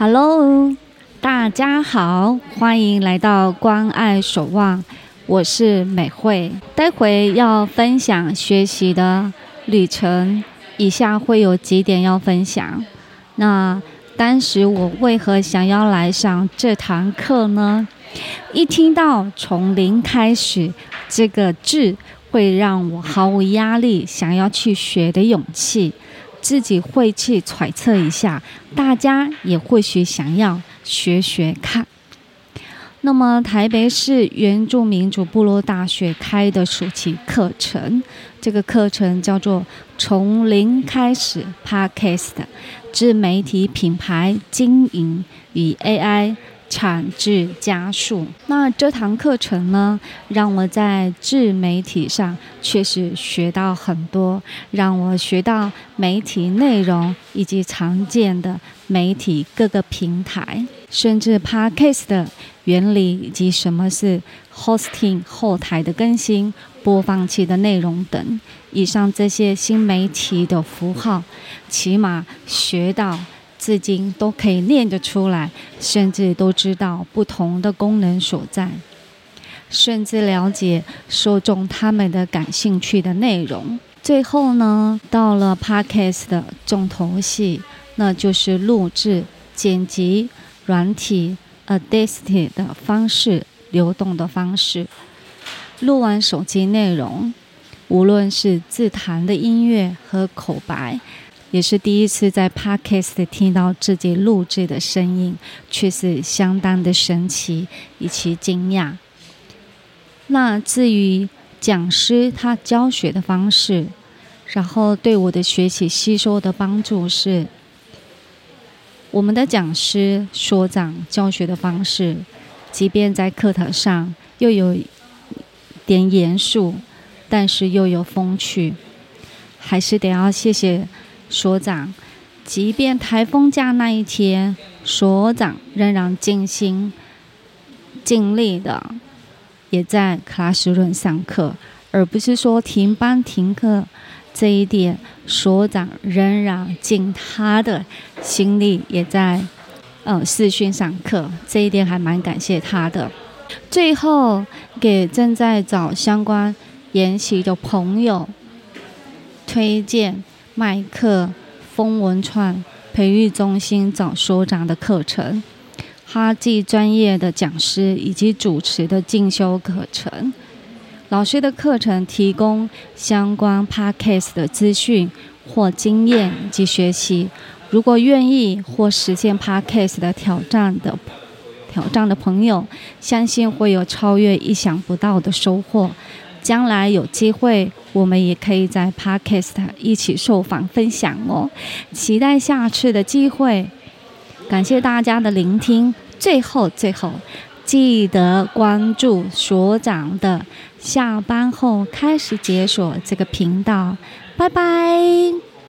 Hello，大家好，歡迎來到關愛守望。我是美惠，待會要分享學習的旅程，以下會有幾點要分享。那當時我為何想要來上這堂課呢？一聽到從零開始，這個字會讓我毫無壓力，想要去學的勇氣。自己會去揣測一下，大家也或許想要學學看。那麼，台北市原住民族部落大學開的暑期課程，這個課程叫做《從零開始 Podcast：自媒體品牌經營與 AI》。產製加速，那這堂課程呢，讓我在自媒體上確實學到很多，讓我學到媒體內容以及常見的媒體各個平台，甚至 Podcast 的原理以及什麼是 Hosting 後台的更新、播放器的內容等。以上這些新媒體的符號，起碼學到。至今都可以念得出來，甚至都知道不同的功能所在，甚至了解受眾他們的感興趣的內容。最後呢，到了 podcast 的重頭戲，那就是錄製、剪輯軟體、Audacity 的方式、流動的方式。錄完手機內容，無論是自彈的音樂和口白。也是第一次在 Podcast 聽到自己錄製的聲音，卻是相當的神奇以及驚訝。那至於講師他教學的方式，然後對我的學習吸收的幫助是，我們的講師所長教學的方式，即便在課堂上又有點嚴肅，但是又有風趣，還是得要謝謝。所長，即便台風假那一天，所長仍然盡心盡力的也在 classroom 上課，而不是說停班停課。這一點，所長仍然盡他的心力，也在嗯、呃、視訊上課。這一點還蠻感謝他的。最後，給正在找相關研習的朋友推薦。麥克風文創培育中心找所長的課程，哈，既專業的講師以及主持的進修課程，老師的課程提供相關 Podcast 的資訊或經驗及學習。如果願意或實現 Podcast 的挑戰的挑戰的朋友，相信會有超越意想不到的收穫。將來有機會，我們也可以在 Podcast 一起受訪分享哦，期待下次的機會。感謝大家的聆聽，最後最後，記得關注所長的，下班後開始解鎖這個頻道，拜拜。